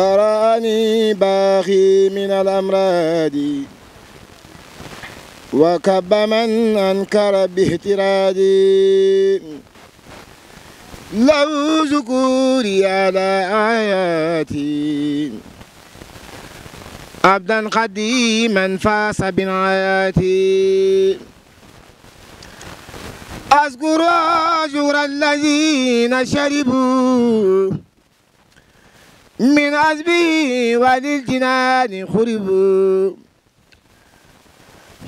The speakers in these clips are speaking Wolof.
برأني باغي من الأمراض وكب من أنكر باهترادي لو ذكوري على آياتي عبدا قديما فاس بنعياتي أذكر أجر الذين شربوا من عزبه وللجنان خرب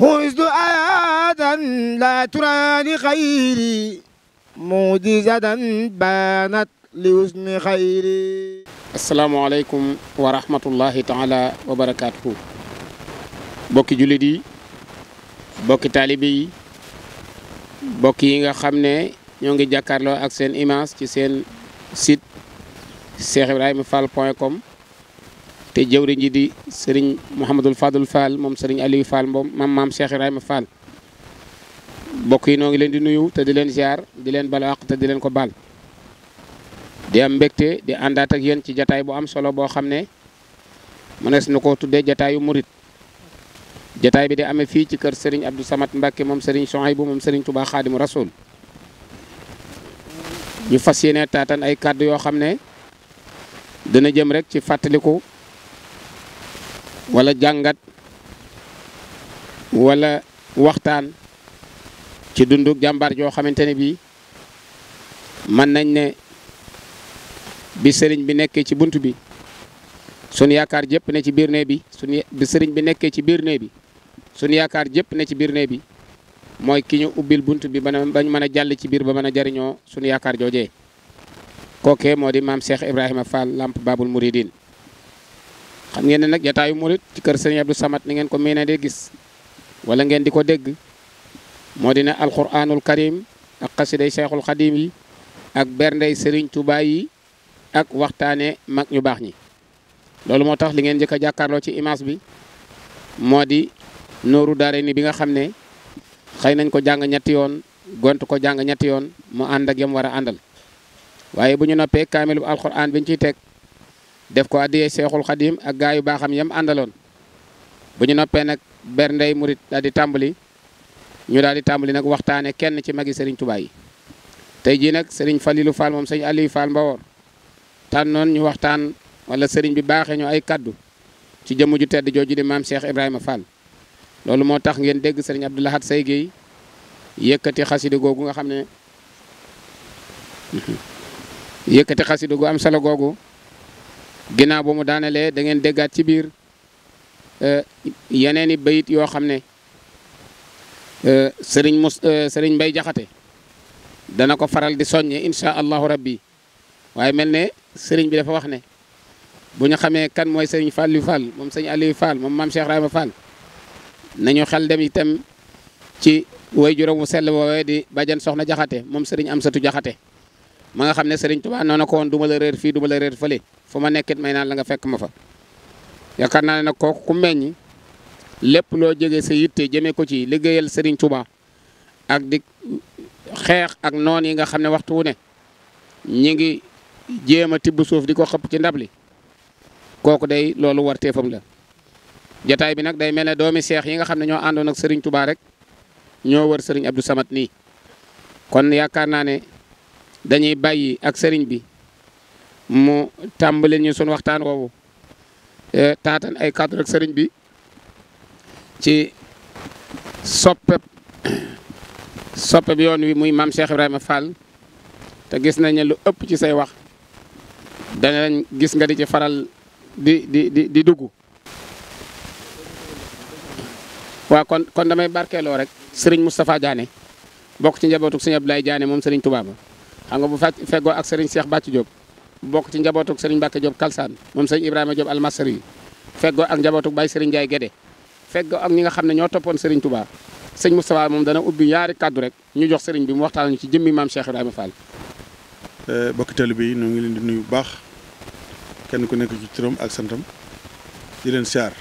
حزت آياتا لا ترى لخيري معجزة بانت لحسن خيري السلام عليكم ورحمة الله تعالى وبركاته بوكي jullit بوكي bokki بوكي yi bokk yi جاكارلو xam ne ñoo ngi jàkkaarloo ak cheikhibrahimafall.com te jëwriñ ji di sëriñ Mouhamadul Fadul Fall moom sëriñ Aliou Fall moom maam maam Cheikh Ibrahima Fall mbokk yi noo ngi leen di nuyu te di leen ziar di leen bala àq te di leen ko baal. di am mbégte di àndaat ak yéen ci jataay bu am solo boo xam ne mënees na ko tuddee jataayu murit jataay bi di amee fii ci kër sëriñ Abdou Samad Mbacke moom sëriñ Souhaïbou moom sëriñ Touba Xaadimu Rasul ñu fas yéene taatan ay kàddu yoo xam ne. dana jëm rek ci fàttaliku wala jàngat wala waxtaan ci dunduk jàmbaar joo xamante ne bii mën nañ ne bi sëriñ bi nekkee ci bunt bi sunu yaakaar jëpp ne ci biir ne bi sun bi sëriñ bi nekkee ci biir nee bi sun yaakaar jëpp ne ci biir nee bi mooy ki ñu ubbil bunt bi ba bañ mën jàll ci biir ba mën a jariñoo suñu yaakaar joojee koke mo di maam Cheikh ibrahim Fall Lamp Babul Mouridine xam ngeen nak nag murid ci keur Serigne Abdou Samad ni ngeen ko miinee de gis wala ngeen di deg dégg moo di alquranul karim ak qasida Cheikhul Khadim, yi ak berndey Serigne Touba yi ak waxtane mak ñu bax ni lolou motax li ngeen jëk jaakarlo ci image bi modi di daare ni bi nga xamne xey nañ ko jang ñetti yoon gontu ko jang ñetti yoon mu yam wara andal waaye bu ñu noppee kaamil bu alxuraan bi ñu ciy teg def ko addiyee seexul xadiim ak gaa yu baaxam yem àndaloon bu ñu noppee nag berndey murit daal di tàmbali ñu daal di tàmbali nag waxtaane kenn ci magi Serigne Touba yi tey jii nag Serigne falilu Fall moom sëñ Aliou Fall Mbawor tànnoon ñu waxtaan wala Serigne bi baaxee ñu ay kàddu ci jëmm ju tedd jooju di maam Cheikh Ibrahima Fall loolu moo tax ngeen dégg Serigne Abdou Lahad Seye Gueye yëkkati xasida googu nga xam ne. yëkkati xasida gu am solo googu ginnaaw ba mu daanelee da ngeen déggaat ci biir e, yeneeni bayit yoo xam ne e, sëriñ mus e, sëriñ mbay jaxate dana ko faral di soññe incha allahu rabbi waaye mel ne sëriñ bi dafa wax ne bu xamee kan mooy sëriñ Fallou Fall moom sëriñ Aliou Fall moom maam Cheikh Rahma Fall nañu xel dem itam ci way juróom mu sell woowee di bajan soxna jaxate moom sëriñ Amsatu jaxate ma nga xam ne Serigne Touba noona ko woon du ma la réer fii du ma la réer fële fu ma nekkit may naan la nga fekk ma fa yaakaar naa ne nag kooku ku meññ lépp loo jege sa yitte jëmee ko ci liggéeyal Serigne Touba ak di xeex ak noon yi nga xam ne waxtu ne ñi ngi jéem a tibb suuf di ko xëpp ci ndab li kooku day loolu warteefam la jataay bi nag day mel ne doomi seex yi nga xam ne ñoo àndoon ak Serigne rek ñoo wër sëriñ Abdou samat nii kon yaakaar naa dañuy bayyi ak sëriñ bi mu tambalé ñu sunu waxtaan euh taatan ay cadre ak sëriñ bi ci soppe bi yoon wi muy mam Cheikh Ibrahima Fall te gis nañ lu ëpp ci say wax danañ gis nga di ci faral di di di di duggu wa kon kon damay barkeeloo rek serigne mustapha Diané bok ci njabootu serigne Abdoulaye Diané mom serigne Touba xam bu fekk feggoo ak sëriñ Cheikh Bàcc Diop bokk ci njabootuk sëriñ Mbàkke Diop Kalsaan moom sëriñ Ibrahima Diop almasari yi feggoo ak njabootuk Baye sëriñ Ndiaye Guédé feggoo ak ñi nga xam ne ñoo toppoon sëriñ Touba sëñ Moustapha moom dana ubbi ñaari kàddu rek ñu jox sëriñ bi mu waxtaan ñu ci jëmmi maam Cheikh Ibrahima Fall euh, bokki taalibe yi ñu ngi leen di nuy bu baax kenn ku nekk ci turam ak santam di leen siyaar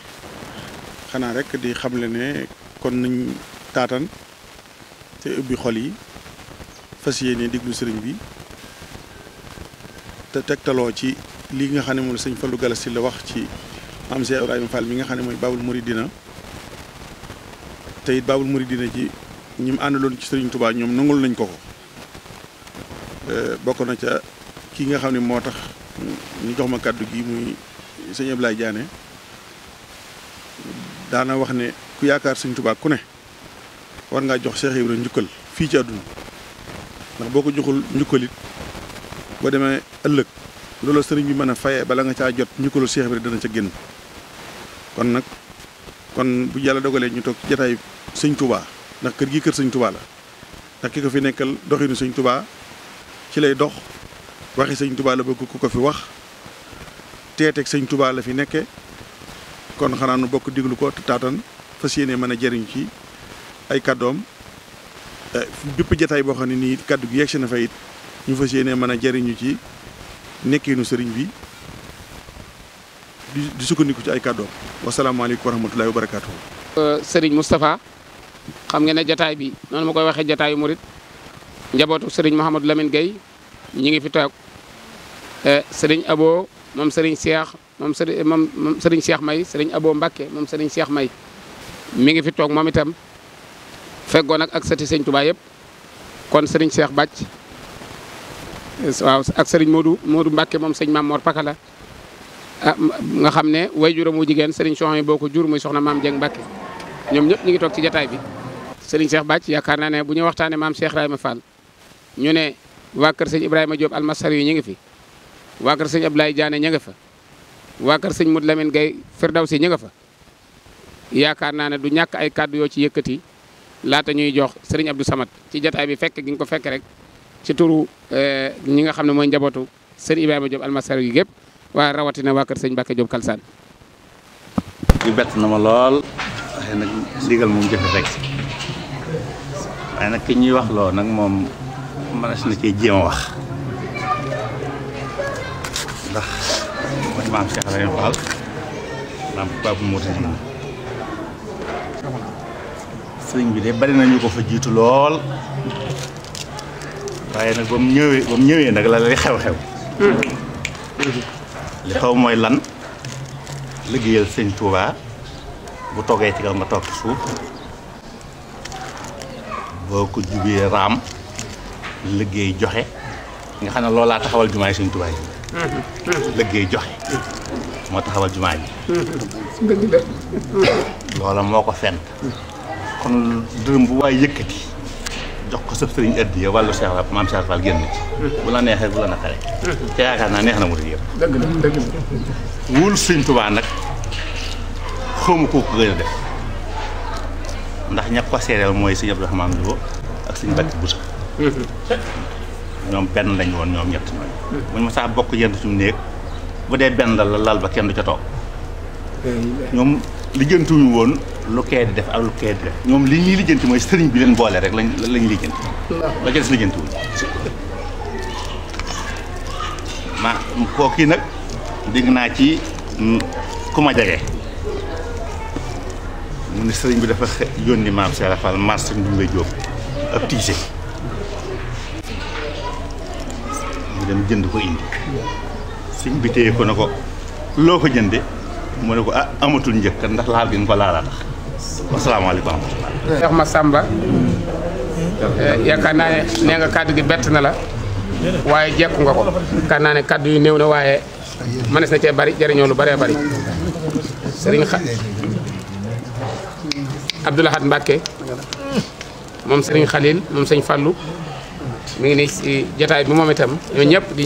xanaa rek di xam le ne kon nañ taatan te ubbi xol yi fas yéene diglu sëriñ bi te tegtaloo ci li nga xam ne moom la sëñ Fallou Gallas Syll la wax ci am Cheikh Ibrahima Fall mi nga xam ne mooy Baabul Muridina te it Baabul Muridina ji ñi mu àndaloon ci sëriñ Touba ñoom nangul nañ ko ko eh, bokk na ca ki nga xam ne moo tax ñu jox ma kàddu gi muy sëñ Ablaye jaane daana wax ne ku yaakaar sëñ Touba ku ne war ngaa jox Cheikh Ibrahima njukkal fii ci àdduna ndax boo ko joxul njukkalit boo demee ëllëg loolu sëriñ bi mën a fayee bala nga caa jot njukkalu Seex bi dana ca génn kon nag kon bu yàlla dogalee ñu toog jataay sëñ tubaa ndax kër gi kër sañ tubaa la ndax ki ko fi nekkal doxinu sëñ tubaa ci lay dox waxi sëñ tubaa la bëgg ku ko fi wax teeteeg sëñ tubaa la fi nekke kon xanaa nu bokk diglu ko taatan fas yéene mën a jariñ ci ay kàddoom Euh, bépp jataay boo xam ne nii kaddu gi yegsi na fa it ñu fa yéene man a jariñu ci nekkiinu sëriñ bi di sukkandiku ci ay kàddoom wasalaamaaleykum wa rahmatulahi wa barakaatu. Euh, sëriñ Moustapha xam nga ne jataay bi noonu ma koy waxee jataayu murit njabootu sëriñ Mouhamadou lamin gay ñi ngi fi toog euh, sëriñ Abo moom sëriñ Cheikh moom sëriñ moom Cheikh May sëriñ Abo Mbacke moom sëriñ Cheikh May mu ngi fi toog moom itam. feggoo nag ak sëti sëñ Tuubaa yëpp kon sëriñ Cheikh Bàcc waaw ak sëriñ Modou Modou Mbacke moom sëñ Maam Mor Pakala ah nga xam ne waajuram wu jigéen sëriñ Soxna yi boo ko jur muy soxna maam Dieng Mbacke ñoom ñëpp ñu ngi toog ci jataay bi. sëriñ seex Bàcc yaakaar naa ne bu ñu waxtaanee maam Cheikh Ibrahima Fall ñu ne waa kër sëñ Ibrahima Diop almasar yi ñu ngi fi waa kër sëñ Abdoulaye Diané ñu nga fa waa kër sëñ Modou Lamine Gaye Firdawsi ñu nga fa yaakaar naa ne du ñàkk ay kàddu yoo ci yëkkati. laata ñuy jox serigne Abdou Samad ci jotaay bi fekk giñ ko fekk rek ci turu euh ñi nga xamne moy mooy serigne Ibrahima Diop almasar yi gépp waaye rawatina waa kër serigne bakay Diop kalsan yu bet na ma lol ay nak digal moom jëf rek ay nak ki ñuy wax lo nak mom manas na ci jëm wax ndax man maam Cheikh Ibrahima Fall maam Babou Moussa sëriñ bi de bari nañu ko fa jiitu lool waaye nag ba mu ñëwee ba mu ñëwee nag la lay xew-xew li xew mooy lan liggéeyal sëñ Touba bu toggee ci kaw nga toog suuf boo ko jubee raam liggéey joxe nga xam ne loolaa taxawal jumaay sëñ Touba yi liggéey joxe moo taxawal jumaa ji loola moo ko fent kon dërëm bu waay yëkkati jox ko sëb sëriñ addiya wàllu Cheikh Fall maam Cheikh Fall génn ci bu te yaakaar naa na mu la dëgg la wóolu sëriñ nag xawma kooku gën a def ndax ña ko seereel mooy sëñ Abdourahmane Lo ak sëñ Bakki Bousso ñoom benn lañ woon ñoom ñett ñooñu buñ ma saa bokk yenn suñ néeg bu dee benn la lal ba kenn du ca toog ñoom lijjantuñu woon lu kee di def ak lu kee di def ñoom li ñuy lijjanti mooy sëriñ bi leen boole rek lañ lañ lijjanti la ca des lijjantiwul ma kooku nag dégg naa ci ku ma jege mu ne sëriñ bi dafa yónni maam Seera Fall marché Ndoumbé Diop ab tiise mu dem jënd ko indi sëñ bi téye ko na ko loo ko jënde mu ne ko ah amatul njëkk ndax laal gi nga ko laala tax Assalamualaikum. Cheikh Massamba eh, yaakaar naa ne nee nga kàddu gi bett na la waaye jekku nga ko yaakaar manisnya ne kàddu yu néew na waaye mënees na cee bari jëriñoo lu bëree bari sëriñ xa Abdou Lahad Mbacké moom sëriñ Khalil moom sëñ Fallou mi ngi nii si jotaay bi moom itam ñoo ñëpp di bi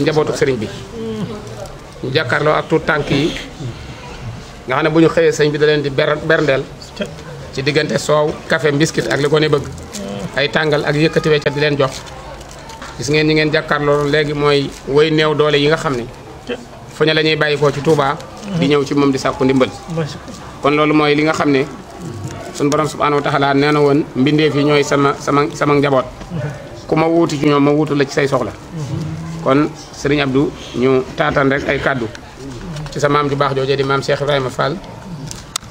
ñu jàkkaarloo ak tuut tànk yi nga xam ne bu ñu bi da di ci diggante soow café biscuit ak li ko ne bëgg ay tàngal ak yëkkati weccat di leen jox gis ngeen ñi ngeen jàkkaarloo léegi mooy woy néew doole yi nga xam ne fu ñu lañuy ñuy bàyyi ko ci tuubaa di ñëw ci moom di sàkku ndimbal kon loolu mooy li nga xam ne suñu borom subhaanahu wa taala nee na woon mbindeef yi ñooy sama sama sama njaboot ku ma wuuti ci ñoom ma wuutu la ci say soxla kon Serigne Abdou ñu taatan rek ay kàddu ci sa maam ju baax joojee di maam Cheikh Ibrahima Fall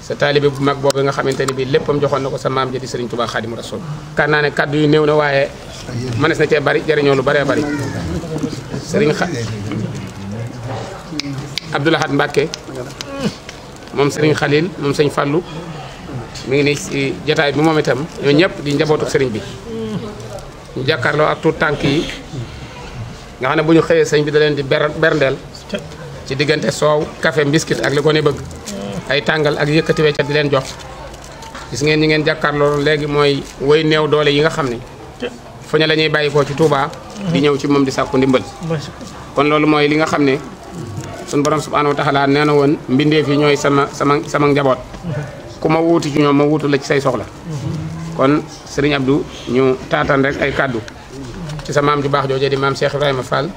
sa talibé bu mag bobu nga xamanteni bi leppam joxon nako sa mam ja di Serigne Touba Khadim Rasoul kan ne kaddu yu néew na waaye mënees na ci bari jarino lu bari bari Serigne khadim abdullah Lahad mbake mom Serigne Khalil mom Serigne Fallou mi ngi nii si jataay bi mom itam ñoo ñep di njabootu Serigne bi ñu jàkkaarloo ak tout tank yi nga xane ne bu serigne bi da len di berndel ci diggante soow café biscuit ak li ko ne bëgg ay tàngal ak yëkkati weccat di leen jox gis ngeen ñi ngeen jàkkaarloo léegi mooy woy new doole yi nga xam ne fu ñu lañuy bàyyi bàyyikoo ci Touba. di ñëw ci moom di sàkku ndimbal kon loolu mooy li nga xam ne suñu borom subhaanahu wa taala nee na woon mbindee yi ñooy sama sama sama njaboot ku ma wuuti ci ñoom ma wuutu la ci say soxla kon sëriñ Abdou ñu taataan rek ay kàddu ci sa maam ju baax joojee di maam Cheikh Ibrahima Fall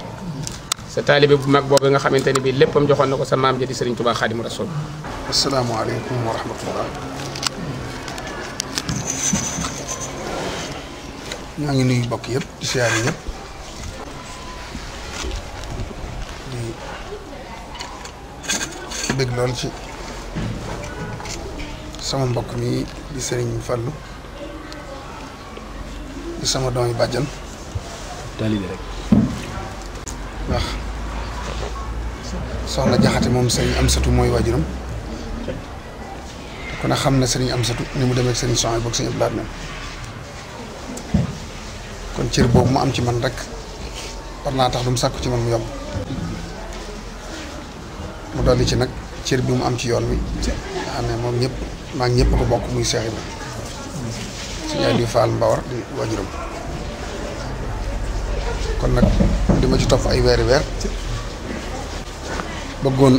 sa taalibe bu mag boobu nga xamante ne bii léppam joxoon na ko sa maam ja di Sëriñ Tuubaa Xaadimu Rasuul. asalaamaaleykum wa rahmatullah. ñoo ngi nuyu bokk yëpp di siyaar yëpp di bëgg lool ci sama mbokk mi di Sëriñ Fallu di sama doomi bàjjan ndax soxna jaxate moom sëriñ am satu mooy waajuram te kon a xam na sëriñ am satu ni mu demee ak sëriñ soxna boog sëriñ Abdoulaye moom kon cër boobu mu am ci man rek war naa tax lu mu sàkku ci man mu yomb mu dolli ci nag cër bi mu am ci yoon wi nga xam ne moom ñëpp maa ngi ñëpp ko bokk muy Seex Ibra suñu Aliou Fall Mbawar di waajuram kon nak dima ci top ay weeri weer bëggoon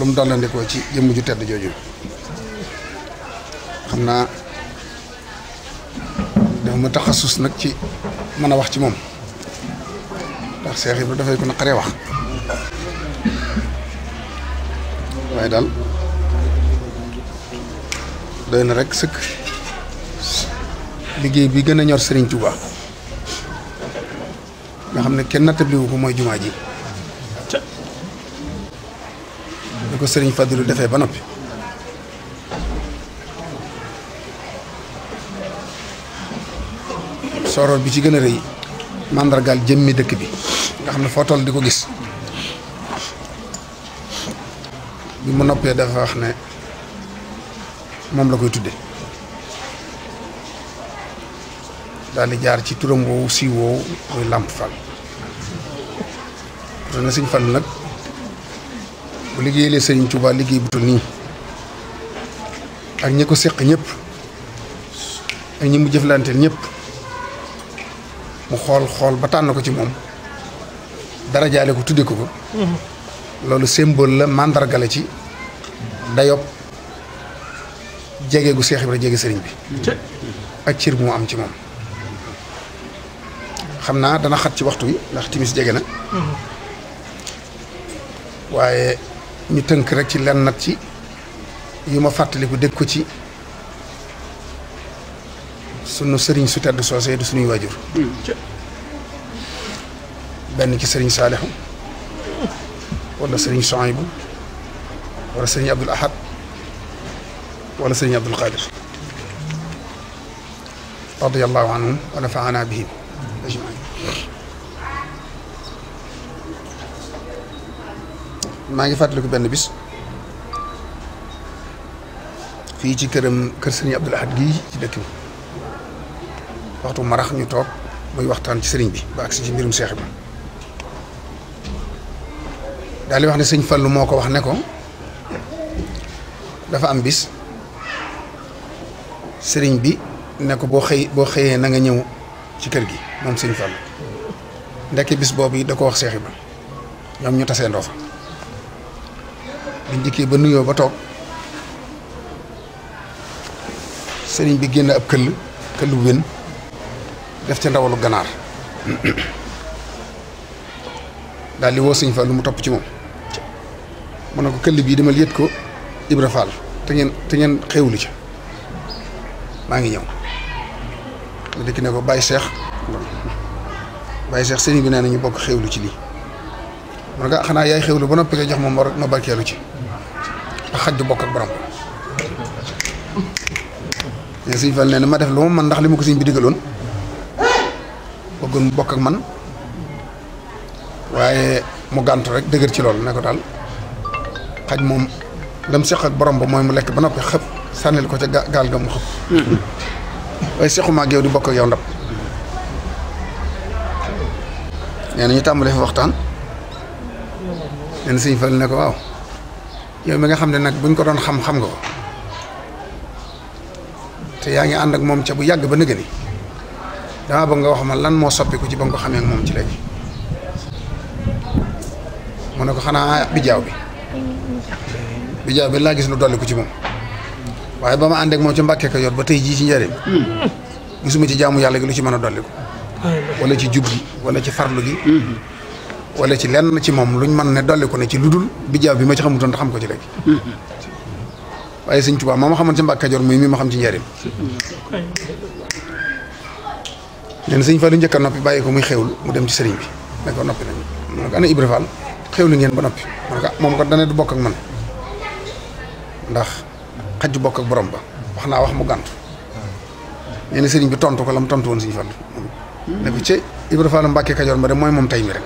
lu mu dallandikoo ci jëmm ju tedd joju xamna dama ma taxasus nag ci mëna wax ci mom tax cheikh Seex da fay ko naqaree wax way dal doyna rek sëkk liggéey bi gën a ñor Serigne Touba. nga xam ne kenn nattabliwu ko mooy jumaa ji da ko sëriñ Fadilu defee ba noppi sooroor bi ci gën a rëy màndargaal jëmmi dëkk bi nga xam ne foo toll di ko gis bi mu noppee dafa wax ne moom la koy tudde daal di jaar ci turam wo si wo moy Lamp fal parce que fal nak nag bu liggéeyee sëñ Touba liggey bu nii ak ñi ko seq ñëpp ak ñi mu jëflanteel ñep mu xol xol ba tan ko ci mom dara jaale ko tuddé ko lolu mm-hmm. loolu symbole la mandar la ci dayop jégué gu cheikh ibrahim jégué serigne bi ak ciir bu mu am ci mom xamna dana xat ci waxtu yi ndax timis jege na waaye ñu teunk rek ci lenn nat ci yuma fatali ko dekk ko ci sunu serigne su tedd soosee du sunu wajur ben ci serigne salih wala serigne Soaybu wala serigne Abdul Ahad wala serigne Abdul Qadir radiyallahu anhum wa nafaana bihim maa ngi fàttaliku benn bis fii ci këram kër sëriñ Abdul Ahad gii ci dëkk bi waxtu marax ñu toog muy waxtaan ci sëriñ bi ba agsi ci mbirum seex bi daal li wax ne sëñ Fallu moo ko wax ne ko dafa am bis sëriñ bi ne ko boo xëy boo xëyee na nga ñëw ci kër gi moom sëñ Fallu ndekki bis boobu da ko wax seex bi ñoom ñu tasee ndoo fa biñ dikkee ba nuyo ba tok serigne bi genn ab keul keul wén def ci ndawalu ganar dal li wo serigne Fall lu mu top ci mom monako keul bi demal yet ko Ibra Fall te ngeen te ngeen xewlu ci ma ngi ñew mu dikk ne ko Baye Cheikh Baye Cheikh serigne bi neena ñu bok xewlu ci li mu ne ko ah, xanaa yaay xewlu ba noppi nga jox ma ma barkeelu ci xaj du bokk ak borom mais suñ fal nee na ma def lu ma man ndax li ma ko sëñ bi digaloon bëggoon mu bokk ak man waaye mu gàntu rek dëgër ci lool ne ko daal xaj moom dem seq ak borom ba mooy mu lekk ba noppi xëpp sànnil ko ca gaal ga mu xëpp waaye sequma ak yow di bokk ak yow ndab nee na ñu tàmbale fa waxtaan nee na sëñ fal ne ko waaw yow mi nga xamne nak buñ ko don xam-xam nga te yaa ngi ànd ak mom ci bu yag ba nëgëni da ba nga wax ma lan soppi ku ci ba nga ko xamee ak mom ci léegi mon ko xana ah, bi jaw bi jaw bi la gis lu dolli ku ci mom waye bama and ak mom ci mbacke ko yor ba tay ji ci gisuma ci jaamu yalla gi lu ci ko wala ci wala ci farlu gi wala ci lenn ci moom ñu mën ne dolli ko ne ci ludul bijaaw bi ma ci xamutoon te xam ko ci léegi. waaye sëñ Tuubaa moo ma xamoon ci Mbàkke Kajoor ma xam ci njëriñ. nee na sëñ Fallu njëkk a noppi bàyyi muy xewlu mu dem ci sëriñ bi ne ko noppi nañu. mu ngeen ba noppi mu ne ko ah, moom bokk ak ndax xaj bokk ak borom ba wax naa wax mu gànt nee na bi tontu ko la mu tontu woon sëñ Fallu ne ko ci Ibra Fall Mbàkke Kajoor ma de mooy moom tey mi rek.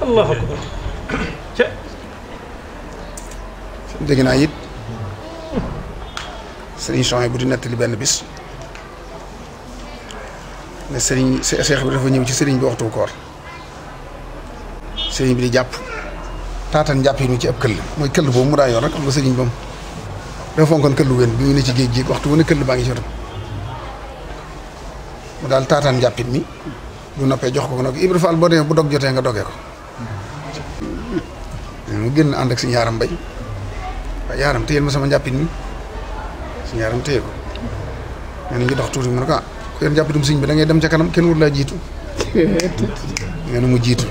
allahu akbar ca dégg naa it sëriñ Sonia bu di nettali benn bis ne sëriñ Cheikh bi dafa ñëw ci sëriñ bi waxtu koor sëriñ bi di jàpp taatan jàpp yi ñu ci ab këll mooy këll boobu mu daa yoon rek am nga sëriñ bam dafa fonkoon këllu wéen bi mu ne ci géej gi waxtu wu ne këll baa ngi ci wetam mu daal taataan jàppit mi bu noppee jox ko nak nag Fall bo demee bu dog joté nga dogé ko ñu mm-hmm. génn and ak suñu yaaram bay waaye yaaram téyel ma sama njàppit ni suñu yaaram téye ko ñu ngi dox touti mu ne ko yeen ah, ku yor bi da ngay dem ci kanam kenn wul la jitu ñu mu jitu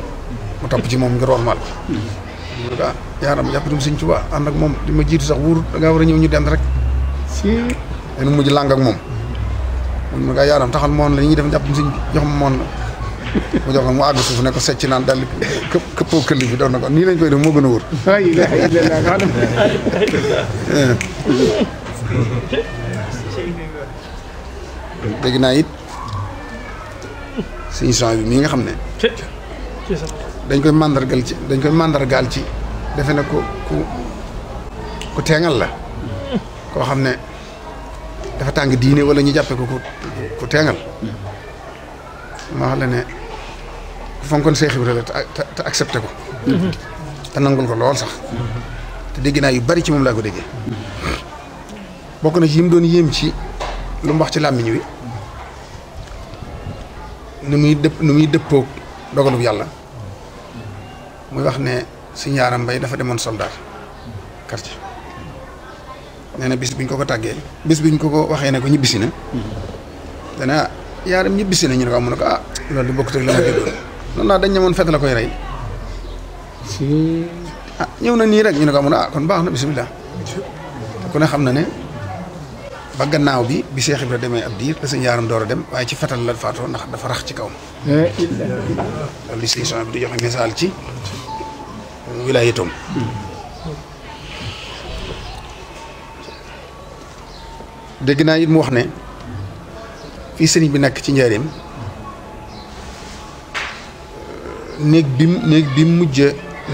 mu top ci mom nga ormal mal mm-hmm. mu ne ko ah yaaram njàppitum suñ Tuubaa ànd ak mom dima jitu sax wuur da nga wara ñew ñu dem rek ñu mu ji lang ak mom man ma nga yaaram taxal moon la ñuy def njàppam suñ jox ma moon la mu jox mu àgg suuf ne ko secc naan dal këpp këppoo këlli bi doon na ko nii lañ koy def moo gën a wóor dégg naa it suñu son bi mii nga xam ne dañ koy màndargal ci dañ koy màndargaal ci defe ne ku ku ku la ko xam dafa tàng diine wala ñu jàppe ko ku ku ma wax la ne ku fonkoon Seex Ibra te accepté ko te nangul ko lool sax te dégg naa yu bari ci moom laa ko déggee bokk na ci yim doon yéem ci lu mu wax ci làmmiñ wi nu muy dëpp nu muy dëppoog dogalub yàlla muy wax ne si ñaaram mbay dafa demoon soldat quartier nee bis biñ ko ko tàggee bis biñ ko ko waxee ne ko ñibbisi na dana yaaram ñibbisi na ñu ne ko amu ko ah loolu du bokkut ak la ma déggoon noonu laa dañ ñamoon fett la koy ray ci ah, ñew na ni rek ñu ne ko amu ah kon baax na bisimilah ku ne xam na ne ba gannaaw bi bi Seex Ibra demé ab diir la yaaram dooro dem waaye ci fatal la faatoo ndax dafa rax ci kaw eh illa li sey sama di joxe message ci wilaayatoom dégg naa it mu wax ne fii sëriñ bi nekk ci njaareem néeg bi néeg bi mu mujj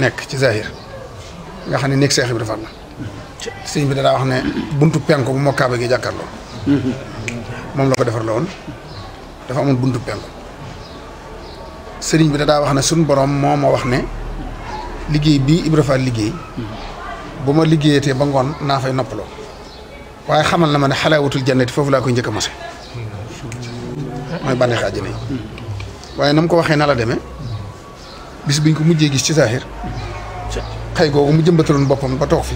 nekk ci zahir nga xam ne néeg Seex Ibra Fall la sëriñ bi dadaa wax ne buntu penku bu moo kaaba gi jàkkaarloo moom la ko defar la woon dafa amoon buntu penku sëriñ bi danaa wax ne suñ borom moo ma wax ne liggéey bi Ibra Fall liggéey bu ma liggéeyatee ba ngoon naa fay noppaloo waaye xamal na ma ne xalaawatul jannati foofu laa koy njëkk a mose mooy bànneex àjjana waaye na mu ko waxee nala deme demee bis biñ ko mujjee gis ci saaxir xëy googu mu jëmbataloon boppam ba toog fi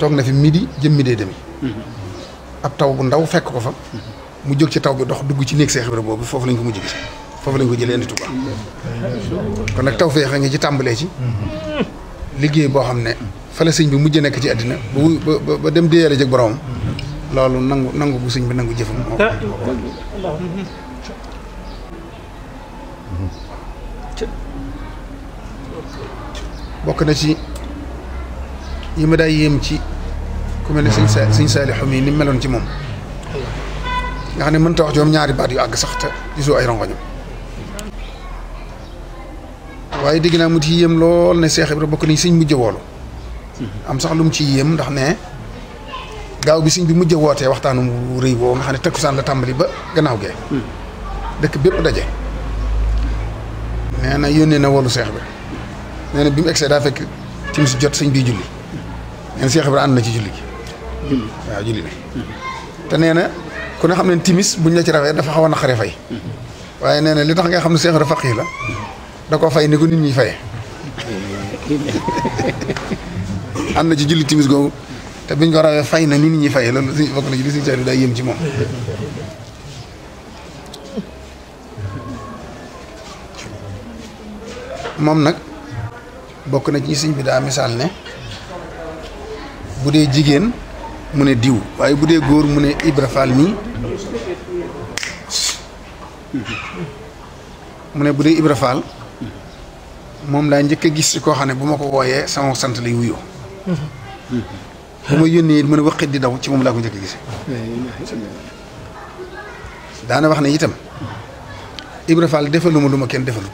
toog na fi midi jëm midee demi ab taw bu ndaw fekk ko fa mu jóg ci taw bi dox dugg ci néeg Seex Ibra boobu foofu lañ ko mujj gis foofu lañ ko jëlee indi Tuubaa kon nag taw feex a ngi ci tàmbalee ci liggéey boo xam ne fale sëñ bi mujj nekk ci àddina ba ba dem déyale jëg boroom loolu nangu nangu bu sëñ bi nangu jëfam ah. bokk na ci yi ma daa yéem ci ku mel ne sëñ sa sëñ Saalixu mi ni meloon ci moom nga xam ne mënta wax joom ñaari baat yu àgg sax te gisoo ay rongoñam waye dégg naa mu ci yéem ne Cheikh ibrahim bokk ni seigne mujj woolu am sax lu mu ci yem ndax ne gaaw bi seigne bi mujj wootee waxtanu reuy rëy nga xane ne takkusaan la tambali ba gannaaw ge dekk bepp daje neena na na wolu Cheikh bi neena bimu bi da fek ci fekk jot seigne bi julli neena Cheikh ibrahim na ci julli gi wa julli ne te neena ku ne xamne timis buñ la ci rawee dafa xaw a naqaree fay waye neena li tax nga xamne Cheikh rafaqi la da ko fay ni ko nit ñi fay am na ci julli timis googu te biñ ko rawee fay na nit ñi fay loolu si bokk na ci li si cari day yëm ci moom moom nag bokk na ci siñ bi daa misaal ne bu dee jigéen mu ne diw waaye bu dee góor mu ne Ibra Fall mii mu ne bu dee Ibra Fall moom laa njëkk a gis ci koo xam ne bu ma ko wooyee sama sant lay wuyoo. Mm-hmm. bu ma yónnee it mën a di daw ci moom laa ko njëkk a gisee. daana wax ne itam Ibra Fall defaluma lu ma kenn defalu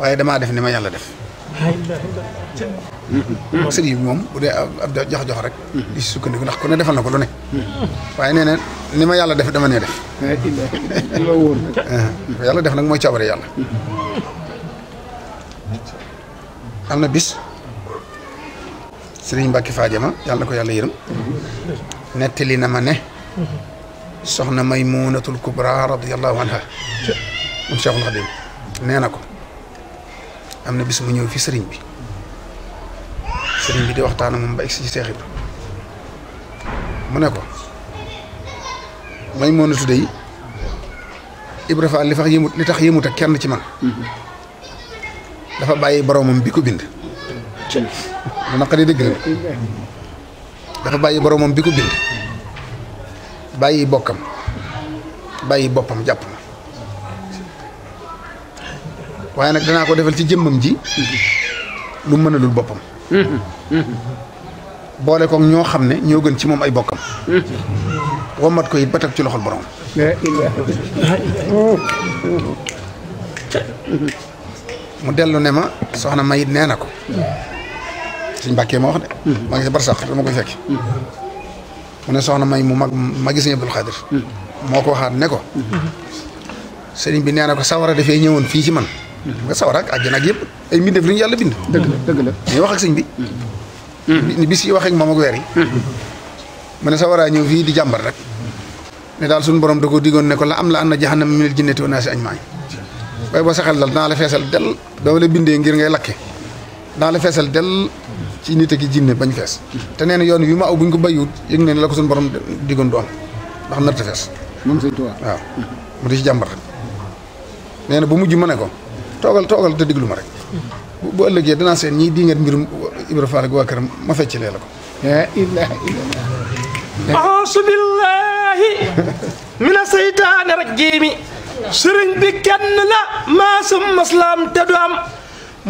waaye damaa def ni ma yàlla def. Mm-hmm. moom bu dee ab jox jox rek. Mm-hmm. di sukkandiku ndax ku ne defal na ko lu ne. waaye nee na ni ma yàlla def dama ne def. yàlla def nag mooy coobare yàlla. am na bis sëriñ Mbacke Fadiama yàlla na ko yàlla yërëm nettali na ma ne soxna Maymunatul Kubra radiyallahu anha um Cheikhul Khadim nee na ko am na bis mu ñëw fi sëriñ bi sëriñ bi di waxtaan moom ba egsi ci Seex Ibra mu ne ko Maymunatu dey Ibra Fall li tax yëmut li tax yëmut ak kenn ci man dafa bàyyi boromam bi ko bind. lu naqari dëgg la dafa bàyyi boromam bi ko bind bàyyi bokkam bàyyi boppam jàpp na waaye nag danaa ko defal ci jëmmam ji lu mënalul boppam. boole koog ñoo xam ne ñoo gën ci moom ay bokkam. womat ko it ba ci loxol borom. mu delu ne ma soxna Mayit nee na ko mo wax de hmm. ma ngi si barsax dama koy fekk hmm. mu ne soxna may mu mag ma gis Abdul khadir hmm. moko ne ko bi sawara dafee ñëwoon fii ci man nga sawara ak aljana ak yëpp ay mi def ñu yalla bind deug la deug la dañuy wax ak sëñ bi ni bis yi wax ak mu ne sawara ñew fi di jambar rek ne dal suñu borom da ko digon ne ko la am la an jahannam jinnati wa nasi ajmain bay boo saxel dal danaa la feesal del dama la bindee ngir ngay lakke danaa la feesal del ci nit ak i jinne bañ fees te nee yoon wi ma aw bu ñu ko bayiwut yëg ne la ko suñu borom diggoon du am ndax nar ta fees moom sëñ Tuubaa waaw mu di ci jàmbar nee na ba mujj ma ne ko toogal toogal te diglu ma rek bu ëllëgee danaa seen ñiy di ngeen mbirum Ibra Fall ak waa këram ma fecc lee la ko la ilaha illallah auzu billahi mina seytaane rajiimi sëriñ bi kenn la maasum maslaam te du am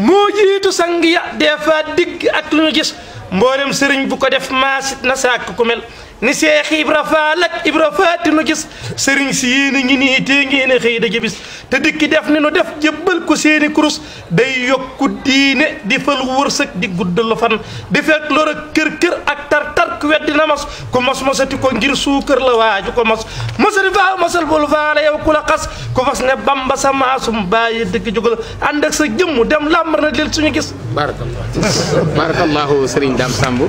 moo jiitu sang ya des fois digg ak lu ñu gis mboolem sëriñ bu ko def maasit na sàkk ku mel ni seex ibra faal ak ibra faati nu gis sëriñ si yéen a ngi nii tee ngeen a xëy da jëbis te dikki def ni nu def jëbbal ko seeni kurus day yokku diine di fal wërsëg di guddal fan di fekk lor kër kër ak tar ku weddi na mos ku mos mosati ko ngir suukar la waaju ko mos mosati faaw mosal bul faale yow ku la xas ku fas ne bamba sa maasum bàyyi dëgg jógal ànd ak sa jëmm dem làmbar na lil suñu gis barakallah barakallahu sëriñ Dame Samb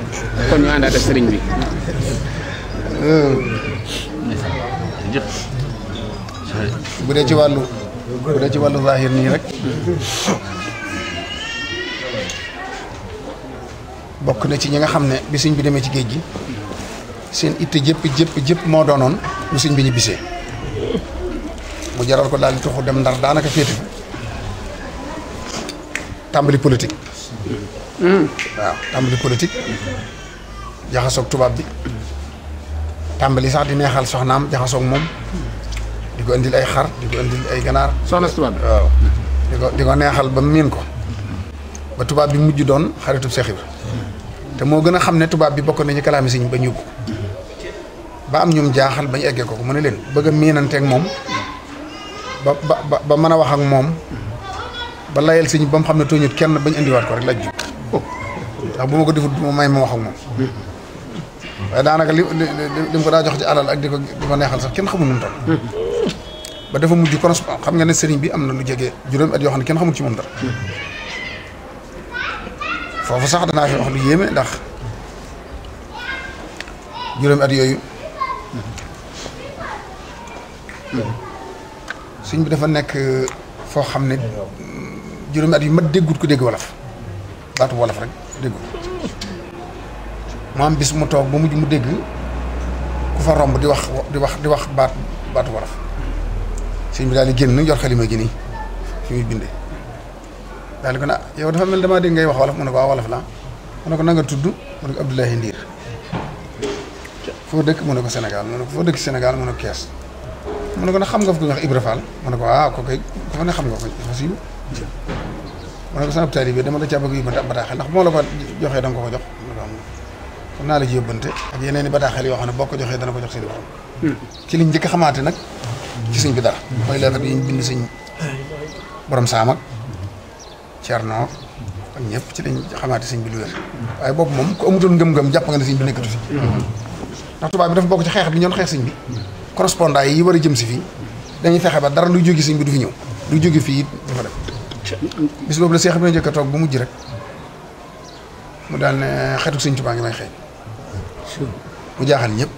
kon ñu àndaat ak sëriñ bi bu dee ci wàllu bu dee ci wàllu zahir nii rek bok na ci ñinga xamne bi señ bi démé ci géej gi seen itte jëpp jëpp jëpp mo doonon bu señ bi ñu bisé mu jaral ko dal di tuxu dem ndar daanaka fété tambali politique hmm waaw tambali politique jaxasoog tubab bi tambali sax di neexal soxnam jaxasoog moom di ko ay xar diko andil ay ganar soxna tubab waaw neexal ba min ko ba tubab bi mujj doon xaritub cheikh ibrahim te moo gën a xam ne tubaab bi bokk nañu kalaami sëñ ba ñëw ba am ñum jaaxal bañ eggee ko mu ne leen bëgg a miinanteeg moom ba ba ba mën a wax ak moom ba layal sëñ ba mu xam ne tooñut kenn bañ indiwaat ko rek laaj ju bu ma ko defut du may ma wax ak moom waaye li li mu ko daa jox ci alal ak di neexal sax kenn xamul nu mu toll ba dafa mujj correspond xam nga ne sëriñ bi am na lu jege juróom at yoo xam ne kenn xamul ci moom dara foofu sax danaa fi wax lu yéeme ndax juróomi at yooyu suñ bi dafa nekk euh, foo xam ne juróomi at yu mat déggut ko dégg wolof baatu wolof rek déggut mu am bis mu toog ba mujj mu dégg ku fa romb di wax di wax di wax baat baatu wolof suñ bi daal di génn yor xalima gi nii fi bindee daal di ko yow dafa mel damaa dégg ngay wax wolof mu ne ko waa wolof la mu ne tudd mu ne ko Abdoulaye Ndiir foo dëkk mu ne ko Sénégal mu ne ko foo dëkk Sénégal Kees mu ne ko na xam nga fu ñuy mu ne ko ko kay ko ne xam nga ko dafa siiw mu ne ko sama taalibe dama la caa bëgg yóbbante ab bataaxel ndax bu la ko joxee da ko ko naa la ci ak yeneen i bataaxel yoo xam ne boo ko joxee dana ko jox seen borom ci liñ njëkk xamaate nag ci sëñ bi dara mooy lettre yi ñu bind sëñ borom saam Cerno ak ñëpp ci lañ xamaate sëñ bi lu wér waaye boobu moom ku amutoon ngëm-ngëm jàpp nga ne sëñ bi nekkatu fi ndax tubaab bi dafa bokk ci xeex bi ñoon xeex sëñ bi correspondant yi war jëm si fii dañuy fexe ba dara lu jóge sëñ bi du fi ñëw lu jóge fii dafa dem bis boobu la seex bi na jëkk mujj rek mu may mu jaaxal ñëpp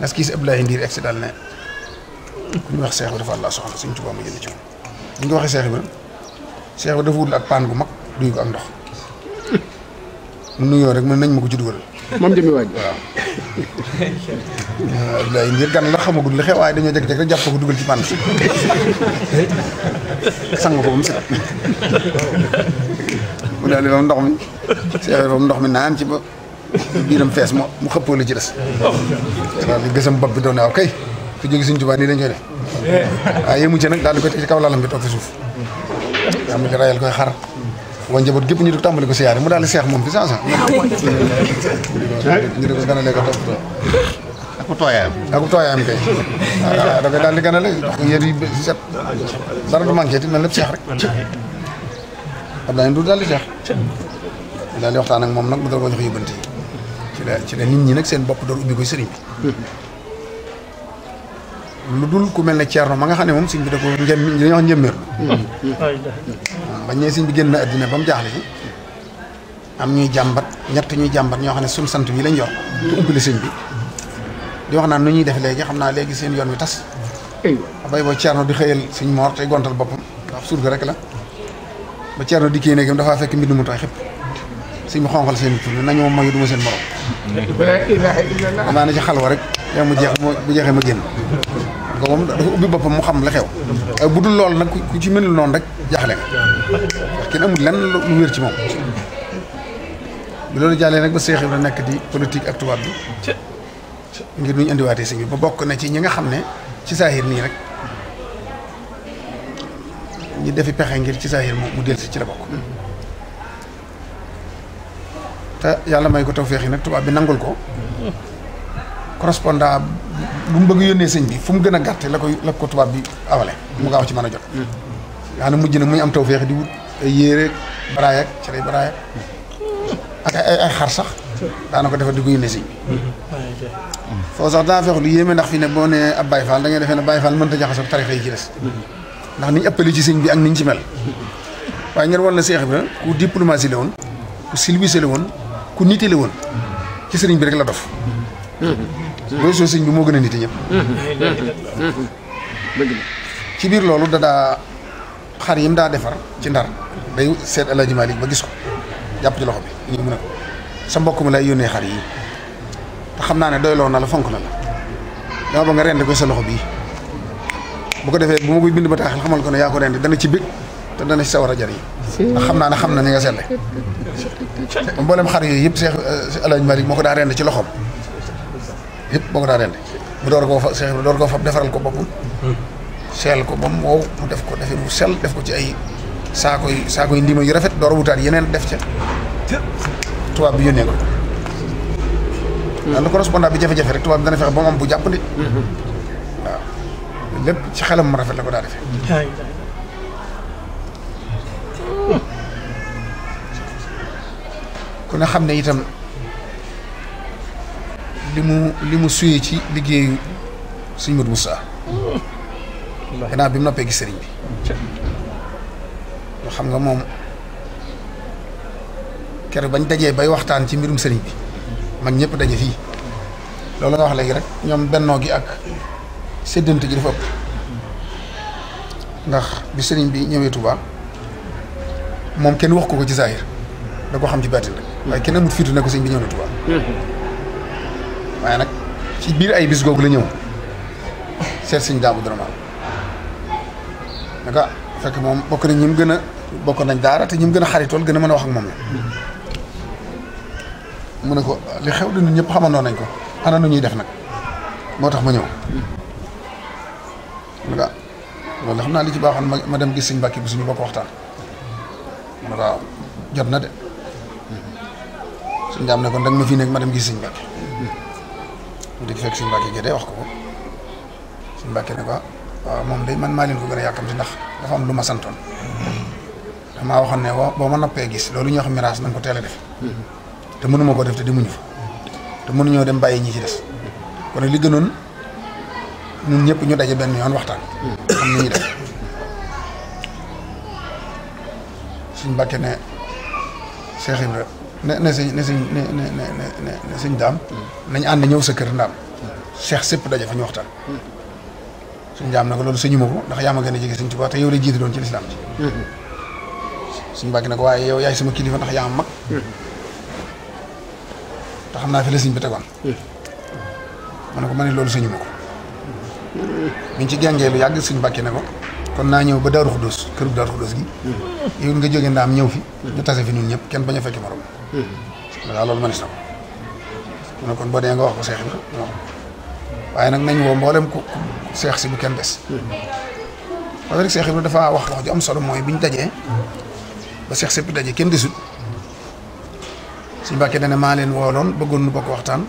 nas ku wax bi dafa mu ci ñu bi Cheikh ba dafa wut ak pan gu mak duy ko am ndox mu nuyoo rek mu nañ mako ci duggal moom jëmi waaj waaw. Abdoulaye ngir gan la xamagul li xewaay dañu dañoo jékki rek japp ko duggal ci pan sang ko bam set mu dal li ba ndox mi Cheikh bam ndox mi naan ci ba biram fess mo mu xëppoo la ci dess daal li gësam bab bi do naaw kay fi jóge suñ touba ni dañ koy def waaye yemu ci nak dal ko ci kaw lalam bi tok fi suuf nga xam ne rayal koy xar wala njaboot gépp ñu di tàmbali ko siyaare mu daal di seex fi sansa ñu di ko gën aku toyam aku toyam kay ah, da koy daal di gën a set dara du manqué ti mel lépp seex rek xam naa du daal di seex di waxtaan ak moom nag mu dal ko ci la ci la nit ñi seen ubbi ko lu dul ku mel ne Thierno ma nga xam ne moom sëñ bi da ko njëm li ñuy wax njëmmeer. waaw mm-hmm. bañ ne sëñ bi génn àddina ba mu jaaxle ci am ñuy jàmbat ñett ñuy jàmbat ñoo xam ne suñ sant bi lañ yor. te umpale sëñ bi di wax naan nu ñuy def léegi xam naa léegi seen yoon bi tas. bay boo Thierno di xëyal sëñ Mor tey gontal boppam ndax surga rek la ba Thierno di kii néegam dafaa fekk mbind mu tooy xëpp sëñ bi xonqal seen i tur nañu moom duma seen morom. damaa ne ci xalwa rek. yow mu jeex mu jeexee ma génn. ko moom dafa ubbi boppam mu xam la xew. Eh, bu dul loolu nag ku ci mënul noonu rek jaaxle nga. ndax kenn amul lenn lu wér ci moom. bu loolu jàllee nag ba Seex Ibra nekk di politique ak tubaab bi. ngir nuñ indiwaatee sëñ bi ba bokk na ci ñi nga xam ne ci saahir nii rek ñi defi pexe ngir ci saahir mu mu dellusi ci la bokk. Mm-hmm. te yàlla may ko tawféex yi nag tubaab bi nangul ko. correspondant lu mu bëgg yónnee sëñ bi fu mu gën a gàtte la koy la ko tubaab bi awale mu gaaw ci man a jot mm. yaa na mujj na muy am tawféex di wut ay yéere baraayak ci lay baraayak ak ay ay xar sax daana ko defar di ko yónnee sëñ bi mm-hmm. mm-hmm. foofu sax daa feex lu yéeme ndax fi ne boo ne ab bay Fall da ngay defee ne bay Fall mënta jaxasoo tarixa yi ci des mm-hmm. ndax niñ ëppale ci sëñ bi ak niñ ci mel waaye ngeen war la Seex bi ku diplomatie la woon ku silvisé la woon ku nité la woon ci sëriñ bi rek la dof réseau sëñ bi moo gën nit ñëpp dëgg la ci biir loolu xar yim daa bagus ci ndar day seet El Hadj ba gis ko jàpp ci loxo bi ñu sa mbokk lay xar yi ne na la fonk na la dama ba nga rend ko sa loxo bii bu ko bu bind ba xamal ko ne ko rend dana ci ñi nga xar hit bok na len bu dor ko fa Cheikh Ibrahima door koo fab defaral ko bopum hmm. sel ko bam wo mu def ko def mu sel def ko ci ay sa koy sa koy ndima yu rafet dor wutaat yenen def ci tubaab bi yónnee ko. daanaka hmm. correspondant bi jafé jafé rek tubaab bi dana fexé bo moom bu jàppandi. Hmm. waaw lepp ci xelam mu rafet la ko da defee. ku na xam itam. Limu, limu li mu suyee ci liggéeyu suñ Modou Moussa gannaaw bi mu noppee gis sëriñ bi nga xam nga moom kere bañ dajee bay waxtaan ci mbirum sëriñ bi mag ñëpp daje fii loolu nga wax léegi rek ñoom bennoo gi ak séddante gi dafa ëpp ndax bi sëriñ bi ñëwee Touba moom kenn wax ko ko ci saayir da ko xam ci baatin rek waaye kenn amut ne ko bi ñëw na Touba hmm. waaye nag ci biir ay bis googu la ñëw seet siñ daabu Dramane naka fekk moom bokk nañ ñi gën a bokk nañ daara te ñu mu gën a xaritool gën a mën a wax ak moom la mu ne ko li xew di ñun ñëpp xamandoo nañ ko ana nu ñuy def nag moo tax ma ñëw naka ah, loolu xam naa li ci baaxoon ma dem gis suñ mbàkki bi suñu bokk waxtaan ma ah, waaw jot na de suñ daam ne kon danga ma fii nekk ma dem gis suñ mbàkki di fekk suñu mbàkkee gédee wax ko ko suñu mbàkkee ne ko waaw moom day man maa leen ko gën a yàkkamti ndax dafa am lu ma santoon damaa waxoon ne boo ma noppee gis loolu ñoo xam miraas nañ ko teel a def te mënuma ko def te demuñu fa te mënuñoo dem bàyyi ñi ci des kon li gënoon ñun ñëpp ñu daje benn yoon waxtaan xam ni ñuy def suñu mbàkkee ne Cheikh Ibrahima ne ne sëñ ne sëñ ne ne ne ne sëñ daam hmm. nañ ànd ñëw sa kër ndaam seex sëpp daje fa ñu waxtaan hmm. sëñ daam na ko loolu sëñu ma ko ndax yaa ma gën a jege sëñ Tuubaa te yow la jiite doon ci lislaam ci sëñ bàgg na ko waaye yow yaay sama kilifa ndax yaa mag hmm. te xam naa fi la sëñ bi tegoon ma ne ko ma ne loolu biñ ci gàngee lu yàgg sëñ bàkki ne kon naa ñëw ba Daaru Xuddoos këru Daaru Xuddoos gi yow nga jóge ndaam ñëw fi ñu tase fi ñun ñëpp kenn bañ a morom waaw hmm. loolu mënees na ko mu ne kon boo dee nga wax ko seex bi waaye nag nañ woo mboolem ku seex si bu kenn des. wala hmm. rek seex bi dafa wax wax ju am solo mooy bi ñu dajee ba seex sëpp dajee kenn desut suñu bàkkee dana maa leen wooloon bëggoon nu bokk waxtaan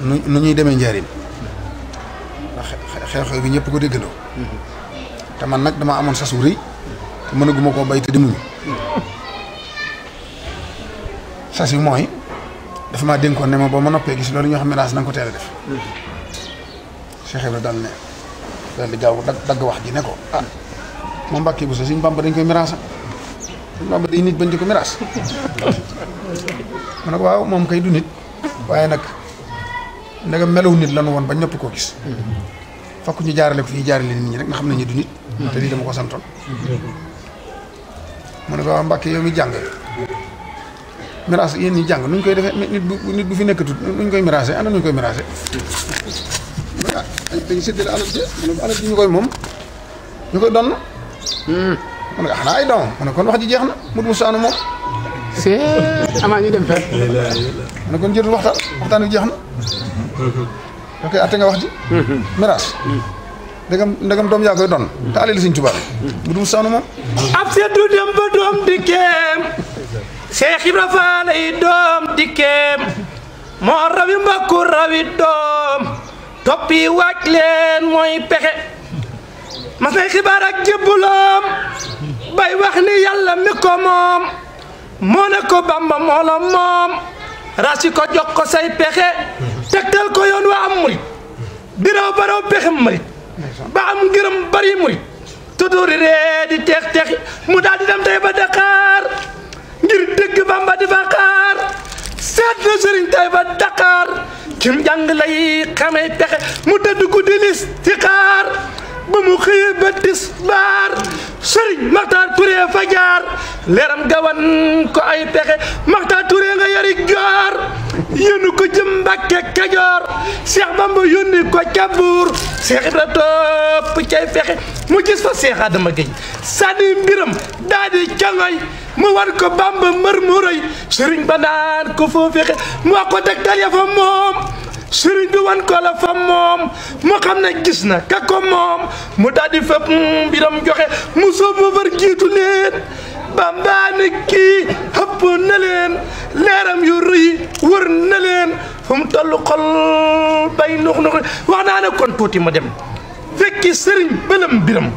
nu ñuy demee njariñ ndax xew bi ñëpp ko déggandoo. Hmm. te man nag dama sasu te sas mooy dafa maa dénkoon ne ma ba ma noppee gis loolu ñoo xam ménage na ko teel a def Cheikh Ibrahima daal ne daal di gaaw dagg wax ji ne ko ah bu sa suñ Bàmba dañ koy miraasa ah. suñ Bàmba day nit bañ di ko waaw moom kay waaye nag ndaga melaw nit lañu woon ba ñëpp koo gis ñu jaarale ko fi ñu jaarale rek xam ne ñu du nit mm-hmm. te lii dama ko santoon mu mm-hmm. ne ko jàng miraas yeen ñi jang nuñ koy defee nit bu nit bu fi tut nuñ koy miraase ana nuñ koy miraase voilà dañ séddale alal ji mu ne alal ji ñu koy moom ñu koy donn hmm. mu ay doom mu kon wax ji jeex mu dul saanu moom c'est amaa ñu dem fenn mu kon jërul ok nga wax ji koy alal mu saanu ab dem ba di Cheikh Ibra Fall ay doom dikkeem moo rawi mbakku rawi doom toppi waaj leen mooy pexe mas nay xibaar ak jëbbuloom bay wax ni yàlla ko moom moo ne ko bamba moo moom rasi ko jox say pexe tegtal ko yoon wa am murit biraw baraw pexe murit ba am ngërëm bari murit tuduri ree di teex mu daal di dem ba Dakar ngir dëgg Bamba di fa xaar seet na sëriñ tay ba Dakar ci njàng lay xamee pexe mu tëdd ko di lis ci xaar ba mu xëyee ba tis baar sëriñ Maxtaar Touré fa jaar leeram gawan ko ay pexe Maxtaar Touré nga yari gaar yónni ko jëm Mbàkke Kajoor Cheikh Bamba yónni ko ca Buur Cheikh Ibra topp cay pexe mu gis fa Cheikh Adama Gueye sànni mbiram daal di cangoy mu war ko bamba mbër mu rëy sëriñ ko foo fexe mu wax ko tegtal fa moom sëriñ bi wan ko la fa moom mu xam ne gis na ka ko moom mu daldi fépp biram joxe mu soob ba far leen bambaane kii xëpp na leen leeram yu rëy na leen fu mu toll xol bay nux nux wax naa ne kon tuuti ma dem fekki sëriñ bëlam biram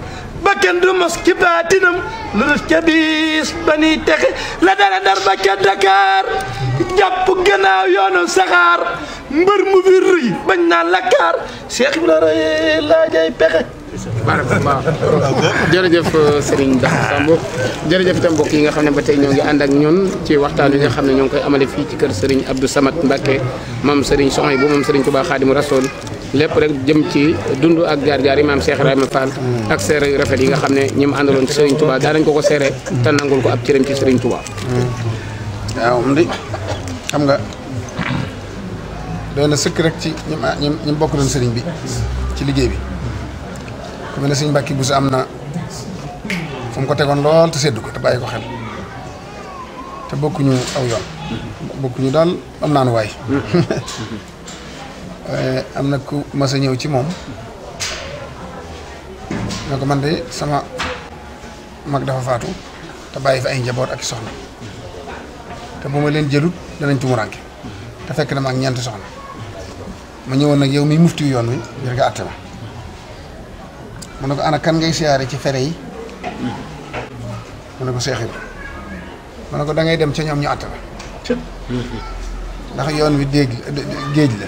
ba kenn du mos ci baatinam lu def ca bis ba nuy texe la dara dar ba ca Dakar jàpp gannaaw yoonu saxaar mbër mu fi rëy bañ naa lakkaar Cheikh Ibra rëy laa pexe barakallah jërëjëf euh, Serigne Dax Samb jërëjëf mbokk yi nga xam ne ba tey ñoo ngi ànd ak ñun ci waxtaan wi nga xam ne ñoo ngi koy amale fii ci kër Serigne Abdou Samad Mbacke moom Serigne Soxna bu moom Serigne Touba Khadimou Rasoul lépp rek jëm ci dund ak jaar-jaar yi maam Cheikh Ibrahima Fall ak seere yu rafet yi nga xam ne ñi mu àndaloon ci Serigne Touba daanañ ko ko seere te nangul ko ab cëram ci Serigne Touba waaw am nga doy na sëkk rek ci ñim ñim sëriñ bi ci liggéey bi ku mel ne sëriñ Mbàkke Buso am na ko tegoon lool seddu ko te bàyyi ko bokkuñu aw yoon am naan waay mm-hmm. waaye am na ku mas a ñëw ci moom ne ko man de sama mag dafa faatu te bàyyi fi ay njaboot ak soxna te bu ma leen jëlut danañ tumuraanke te fekk na ma ak ñeenti soxna ma ñëwoon nag yow mi mufti yoon wi ngir nga àtte ma mu ne ko ana kan ngay siyaare ci fere yi mu ne ko seexib mu ne ko da ngay dem ca ñoom ñu àtte la ndax yoon wi dégg géej la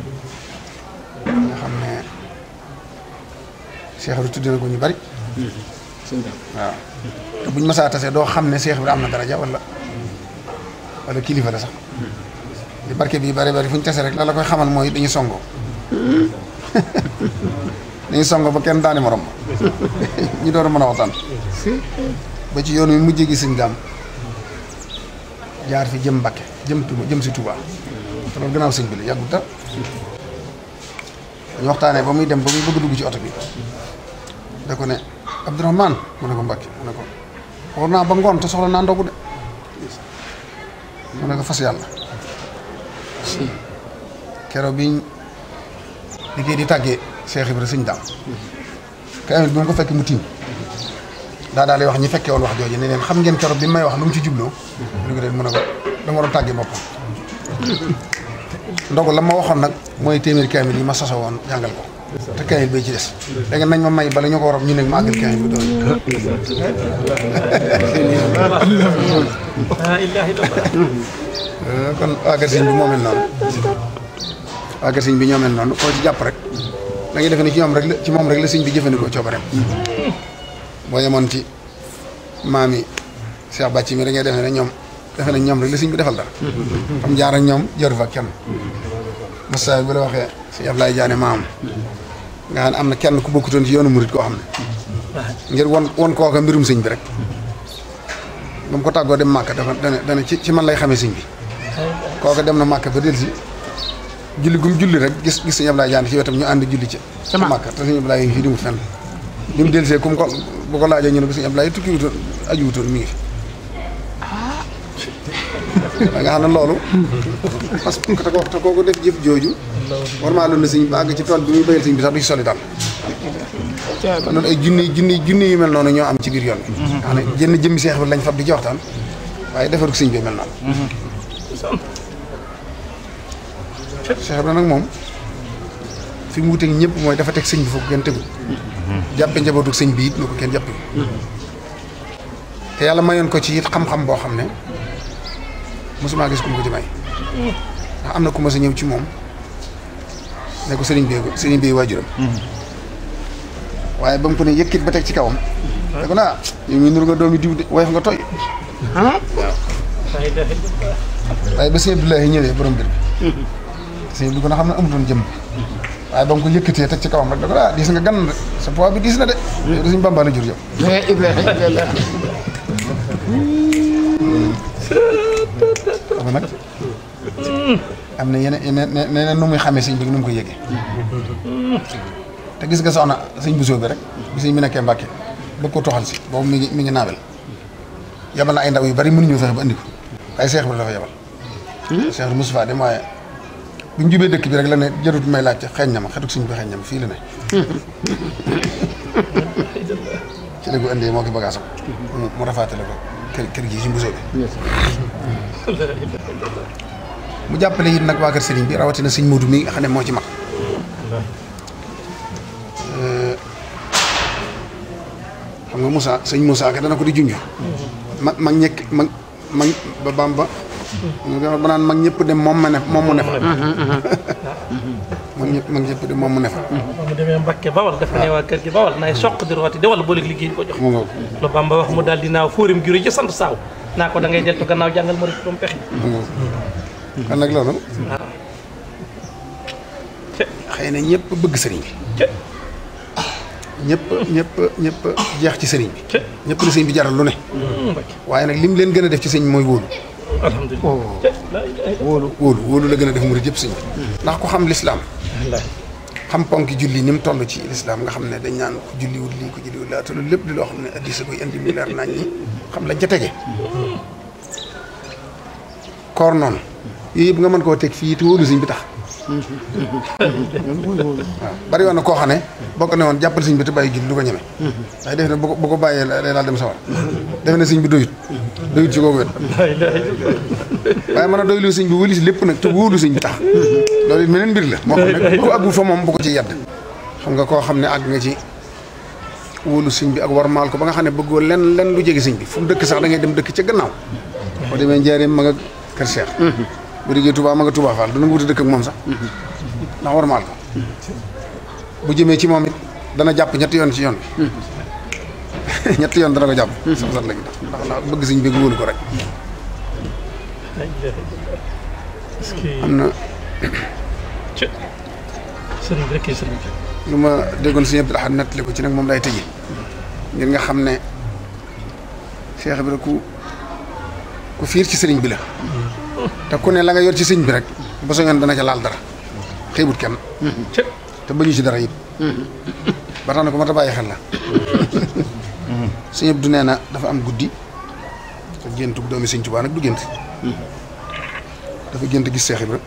Cheikh Ibra tuddee ko ñu bari. Mm-hmm. waaw te buñ masaa tasee doo xam ne Cheikh Ibra am na daraja wala wala kilifa la sax li mm-hmm. barke bi bari bari fu ñu tasee rek la la koy xamal mooy dañuy songo mm-hmm. dañuy songo ba kenn daani morom ñu doon mën a waxtaan ba ci yoon wi mujjee gi sëñ daam jaar fi jëm Mbàkke jëm Tuuba jëm si Tuuba sëñ bi la yàggut ñu waxtaanee ba muy dem ba muy bëgg dugg ci oto bi da ko ne Abdourahmane mu ne ko Mbàkke mu ne ko war naa ba ngoon te soxla naa ndogu de mu ne ko fas yàlla kero bi liggéey di tàggee Cheikh Ibra sëñ daam kaamil bi ma ko fekk mu tiim daa daal di wax ñi fekkee woon wax jooju ne leen xam ngeen keroog bi may wax lu mu ci jubloo lu ngi leen mën a ko dama doon tàggee boppam ndogu la ma waxoon nag mooy téeméeri kaamil yi ma sasa won jangal ko te kaamil bi ci des léegi nañ ma may bala ñu ko ñu nek ma àggal kaamil bi doon eh, kon àggal sëñ bi moo mel noonu àggal bi ñoo mel noonu koo ci jàpp rek da ngay def ni ci ñoom rek ci mom rek la señ bi ko coobareem boo yamon ci mami Cheikh Bàcc mi da ngay def ne ñom defe na ñoom rek la suñ bi defal dara. xam jaar ñoom jaru fa kenn. Moussa bu la waxee si Ablaye Diané maam nga xam ne am na kenn ku bokkutoon ci yoonu murit koo xam ne. ngir won won kooka mbirum sëñ bi rek. ba mu ko tàggoo dem màkk dafa dana dana ci ci man lay xamee sëñ bi. kooka dem na màkk ba dellusi. julli gum julli rek gis gis sëñ Ablaye Diané ci wetam ñu ànd julli ci. ca màkk te sëñ Ablaye yi fii di ko bu ko laajee ñu ne ko sëñ Ablaye tukki wutoon da nga xam ne loolu parce que te ko te kooku def jëf jooju war maa loolu sëñ ba àgg ci tool bi muy bayal sëñ bi sax du ci soli daal kon noonu ay junni junni junni yu mel noonu ñoo am ci biir yoon bi nga jënn jëmmi seex bi lañ fab di ci waxtaan waaye defaru sëñ bi mel bi nag moom fi mu wuteeg ñëpp mooy dafa teg sëñ bi foog kenn tegu njabootu sëñ bi it te yàlla mayoon ko ci it xam-xam boo xam ne mosuma gis ku mu ko ci may. ndax am na ku ma sa ñëw ci moom ne ko sëriñ bi bi waajuram. waaye ba mu ko ne yëkkit ba teg ci kawam. da ko naa yow mii nur nga doom nga tooy. ah waaw. waaye ba sëñ ñëwee borom mbir bi. sëñ bi ko na xam ne amutoon jëm. waaye ba mu ko yëkkatee ci kawam rek da ko ah gan de sa poids bi diis na de. yow de suñu bambaa la jur yow. Eh, xam nag am na yeneen yeneen nu muy xamee sëñ bi nu mu koy yëgee te gis nga soxna sëñ Bousso bi rek bi sëñ bi nekkee Mbàkke bëgg ko toxal si boobu mi ngi mi ngi naawel yabal na ay ndaw yu bari mënuñu fexe ba andi ko waaye Seex bi dafa yabal Seex bi Moustapha de waaye bu ñu jubee dëkk bi rek la ne jarut may laajte xeeñ na ma xetuk sëñ bi xeeñ na ma fii la ne ci la ko indee moo ki bagaasam mu rafaatale ko kër kër gi si mbusoo bi mu jàppale it nag waa kër sëriñ bi rawatina sëñ Modou mi nga xam ne moo ci mag xam nga musaa sëñ Moussa ka dana ko di junj mag mag ñekk mag mag ba Bamba nga ba naan mag ñëpp dem moom ma ne moom mu ne fa mm-hmm, mm-hmm. mag dem mu mm-hmm. mu bawal dafa kër gi bawal nay di rooti de wala booleeg liggéey ko jox lu bamba wax mu di naaw fóorim ci sant saaw naa ko da ngay deltu gannaaw jàngal ma rek doom pexe kan nag loolu xëy na ñëpp bëgg sëriñ bi ñëpp ñëpp ñëpp jeex ci sëriñ bi ñëpp sëriñ bi jaral lu ne lim leen def ci sëriñ alhamdulilah oh. wóolu wóolu wóolu la gën a def murid yëpp sëñ bi ndax ko xam lislaam xam ponk julli ni mu toll ci lislaam nga xam ne dañ naan ko julliwul lii ko julliwul laa te loolu lépp di loo xam ne addisa koy indi mu leer ñi xam la jatege koor noonu yooyu yëpp nga man koo teg fii te wóolu sëñ bi tax waaw bari woon na koo xam ne boo ko ne woon jàppal sëñ bi te bàyyi julli du ko ñeme waaye def ne bu ko bàyyee day daal dem sawar defe ne sëñ bi doyut doyut si koo wet waaye mën a doy lu bi wëlis lépp nag te wóolu siñ bi tax loolu it meneen mbir la moo xam ne ku àggul fa moom bu ko ci yedd xam nga koo xam ne àgg nga ci wóolu sëñ bi ak maal ko ba nga xam ne bëggoo lenn lenn lu jege sëñ bi fu dëkk sax da ngay dem dëkk ca gannaaw boo demee Njaaréem ma nga Kër Cheikh bu déggee dëkk ak moom sax ndax warmaal ko bu jëmee ci moom it dana jàpp ñetti yoon ci yoon bi ñetti yoon dana ko jàpp. Hmm. sam sat la ñu ndax ndax bëgg suñ bëgg wóolu ko rek. am na. sëriñ déggoon suñu Abdul Ahad ko ci nag moom lay tëjee. nga xam ne Cheikh Ibra ku ku fiir ci sëriñ bi la. Hmm. te ku ne la nga yor ci sëriñ bi rek. ba soo dana ca laal dara. xeebut kenn. Hmm. te bañu ci dara it. ba na ko ma ta bàyyi la. sëñ Abdou nee na dafa am guddi te géntug doomi sëñ Tuubaa nag du gént dafa gént gis Seex Ibra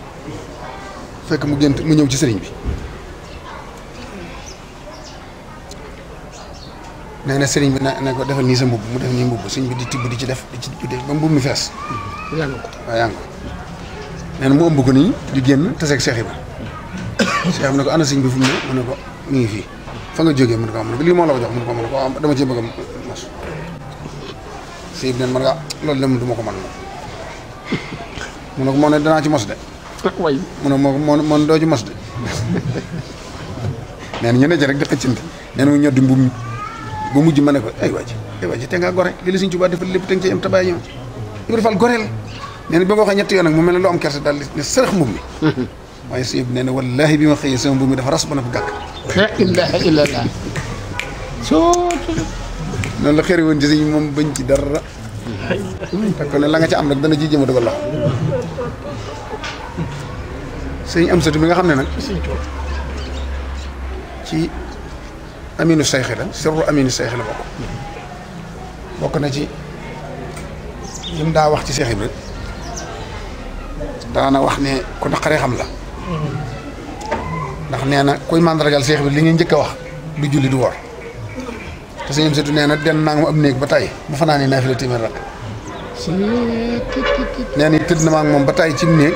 fekk mu gént mu ñëw ci sëriñ bi nee na sëriñ bi na ne ko defal nii sa mbubb mu def nii mbubb sëriñ bi di tibb di ci def di ci di ba mbubb mi fees yaa ngi ko waaw na mu ëmb ko nii di génn taseeg Seex Ibra Seex mu ne ko ana sëriñ bi fu mu ne mu ne ko mu ngi fii fa nga jógee mu ne ko am mu lii moo la ko jox mu ne ko am mu ne ko dama cee bëgg si yëg neen loolu de du ko mën moom mu ne ko moo ne danaa ci mos de way mu ne moo moo moon doo ci mos de nee na ñu ne ci rek di xëccante nee na mu ñoddi mbubb mi ba mujj ma ne ko ay waaj te ngaa gore li la Sëriñ Tuubaa defal lépp te nga ci am tabaay ñoom Ibra Fall goreel nee bi nga waxee ñetti yoon nag mu mel ne loo am kersa daal ne sërëx mbubb mi waaye si yëpp nee na wallaahi bi ma xëyee sama mbubb mi dafa ras ba na fa gàkk la ilaha illallah noonu la xëri woon ci sëñ moom bañ ci dara fekk ne la nga ci am nag dana ci jëma dugal loxo sëñ am satu mi nga xam ne nag ci aminu sayxi la sirru aminu sayxi la bokk bokk na ci li daa wax ci Seex Ibra daana wax ne ku naqaree xam la ndax nee na kuy màndargal Seex bi li ngeen njëkk a wax du julli du wor te sëñ am setu nee na den naa ma am néeg ba tey rak nee na na ma mom moom ba tey ci néeg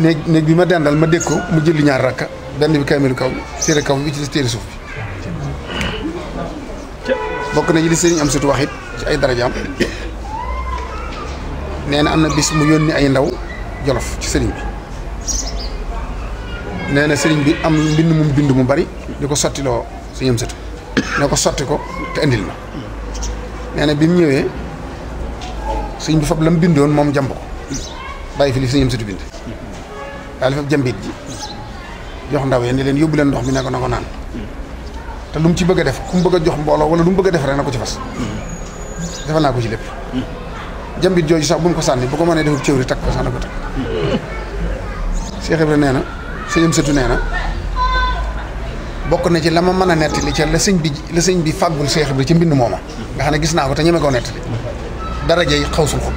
néeg néeg bi ma dendal ma dégg ko mu jëli ñaar rakka benn bi kaamilu kaw bi téere kaw bi ci suuf na jili li am ci ay darajaam am na bis mu yónni ay ndaw jolof ci sering bi nee na bi am mbind mum bari diko ko lo sëñ am ne ko sotti ko te indil ma nee bi mu ñëwee sëñ bi fab la mu bindoon moom jàmb ko bàyyi fi li sëñam sutu bind daal di fab jambit ji jox ndaw yi leen yóbbu leen ndox mi ne ko na ko naan te lu mu ci bëgg a def ku mu bëgg a jox mbooloo wala lu mu bëgg a def rek na ko ci fas defal naa ko ci lépp jambit jooju sax bu mu ko sànni bu ko mënee defub cëwri takk ko sax na ko takk Cheikh Ibrahima nee na sëñam sutu nee na bokk na ci la ma mën a nettali ca la sëñ bi la bi fàggul Seex Ibra ci mbind mooma nga xam ne gis naa ko te ñeme koo nettali darajey xawsul xut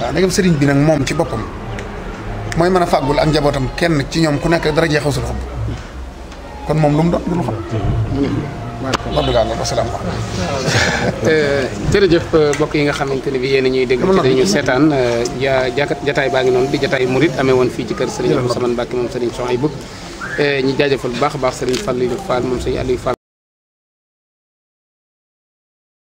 waaw ndegam sëriñ bi nag moom ci boppam mooy mën a fàggul ak njabootam kenn ci ñoom ku nekk darajey xawsul xut kon moom lu mu doon lu mu xam Abdoulaye Mbengue asalaamaaleykum. Eh, jërëjëf eh, mbokk yi nga xamante ne bi yéen a ñuy déglu ci dañu seetaan eh, ja jataay baa ngi noonu di jataay murit amee woon fii ci kër Serigne Abdou Samane Mbacke moom Serigne Souhaïbou ñu jaajëfal bu baax a baax Serigne Fallou moom Serigne Aliou Fall